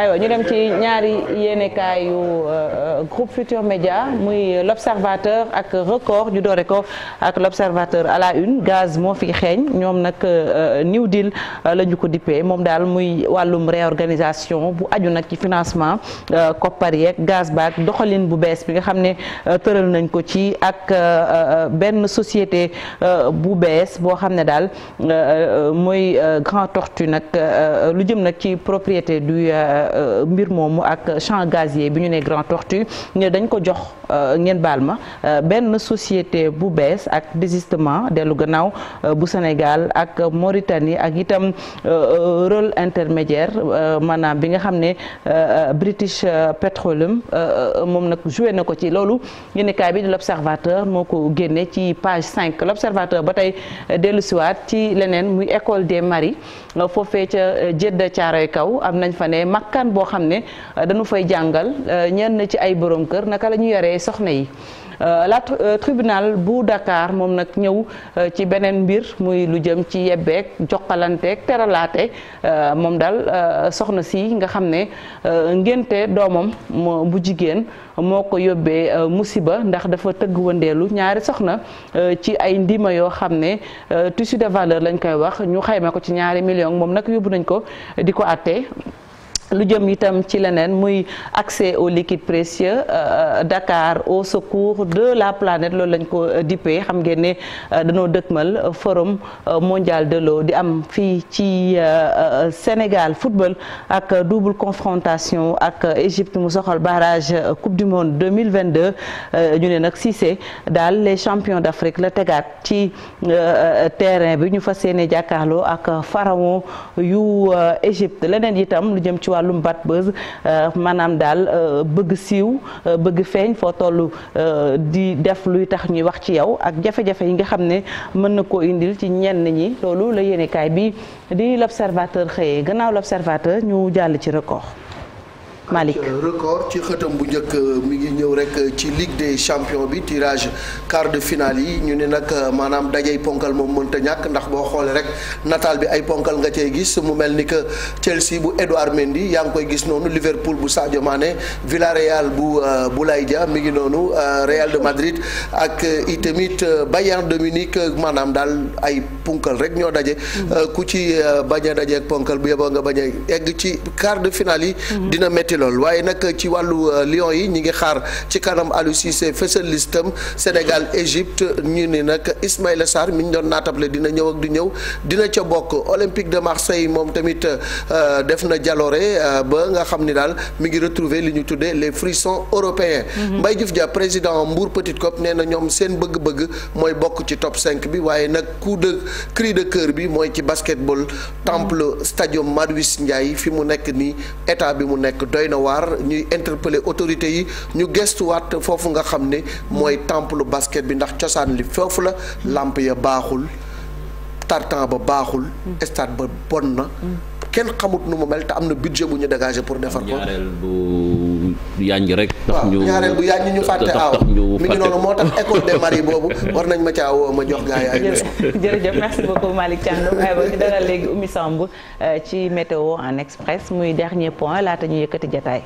aywa ñu dem ci ñaari yéenekaay yu euh, euh, groupe Futur Média muy euh, l'observateur ak record ñu doore ko ak l'observateur à la une gaz moo fi xeeñ ñoom nag new deal la ñu ko dippee moom daal muy wàllum réorganisation bu aju nag ci financement koppar yeeg gaz baak doxalin bu bees bi nga xam ne tëral nañ ko ci ak benn société bu bees boo xam ne daal mooy Grand Tortue nag lu jëm nag ci propriété du Euh, mbir moomu ak champ gazier bi ñu ne Grand Tortue ne dañ ko jox euh, ngeen baal ma euh, benn société bu bees ak désistement dellu gannaaw bu Sénégal ak Mauritanie ak itam rôle intermédiaire maanaam bi nga xam ne British Petroleum moom nag joué na ko ci loolu yéenekaay bi di l'Observateur moo ko génne ci page cinq l'Observateur ba tey dellu siwaat ci leneen muy école des maris foofee ca Jeddah Caaroy kaw am nañ fa ne makka waxtaan boo xam ne euh, dañu fay jàngal euh, ñenn ci ay boroom kër naka la ñu yoree soxna yi. Euh, la tribunal bu Dakar moom nag ñëw ci beneen mbir muy lu jëm ci yebbeeg jokkalanteeg teralaate moom daal soxna si nga xam ne ngénte doomam bu jigéen moo ko yóbbee musiba ndax dafa tëgg wëndeelu ñaari soxna ci ay ndima yoo xam ne tissu de valeur lañ koy wax ñu xayma ko ci ñaari million moom nag yóbbu nañ ko di ko àtte lu jëm itam ci leneen muy accès aux liquides précieux euh, euh, Dakar au secours de la planète loolu lañ ko euh, dippee xam ngeen ne dañoo dëkkmal forum mondial de l'eau di am fii ci Sénégal football ak double confrontation ak Égypte mu soxal barrage coupe du monde 2022 ñu ne nag Cissé daal les champions d'Afrique la tegaat ci terrain bi ñu fa yéene jàkkaarloo ak pharaon yu Égypte leneen itam lu jëm ci wàllum bad buzz euh, maanaam daal euh, bëgg siiw euh, bëgg feeñ foo toll di def luy tax ñuy wax ci yow ak jafe-jafe yi nga xam ne mën na koo indil ci ñenn ñi loolu la yéenekaay bi di l'observateur xëyee gannaaw l'observateur ñu jàll ci record Malick record ci xëtam bu njëkk euh, mu ngi ñëw rek euh, ci ligue des champions bi tirage quart de finale yi ñu ne nag euh, maanaam dajey ponkal moom mënta ñàkk ndax boo xoolee rek nataal bi ay ponkal nga cey gis mu mel ni que Chelsea bu Edouard Mendy yaa ngi koy gis noonu Liverpool bu Sadio Mané Villarreal bu Boulaye ja mi ngi noonu Real de Madrid ak itamit Bayern de Munich maanaam daal ay ponkal rek ñoo daje. Mm-hmm. ku ci bañ a daje ak ponkal bu yeboo nga bañ a egg ci quart de finale lool waaye nag ci wàllu euh, Lions yi ñi ngi xaar ci kanam Aliou Cissé fësal Sénégal Égypte ñu ni nag Ismaïla Sarr mi ñu doon naatable dina ñëw ak du ñëw dina ca bokk Olympique de Marseille moom tamit euh, def na jaloore euh, ba nga xam ni daal mi ngi retrouver li ñu tuddee le frissons européens mhm. Mbaye Diouf Dia président Mbour Petite cop nee na ñoom seen bëgg-bëgg mooy bokk ci top 5 bi waaye nag coup de cri de cœur bi mooy ci basketball temple stadium Marius Ndiaye fi mu nekk nii état bi mu nekk doy na waar ñuy interpeller autorités yi ñu gestuwaat foofu nga xam ne mooy temple basket bi ndax cosaan li foofu la làmp ya baaxul tartan ba baaxul stade ba bon na kenn xamut nu mu mel te am na budget bu ñu dégagé pour defar ko. ñaareel bu yàññi rek. tax ñu bu yàññi ñu fàtte aaw mi ngi noonu moo tax école des maris boobu war nañ ma caa woo ma jox gaa yi ay jërëjëf merci beaucoup Malick Thiandoum aywa ñu dalal léegi Oumy Samb euh, ci météo en express muy dernier point laata ñu yëkkati jataay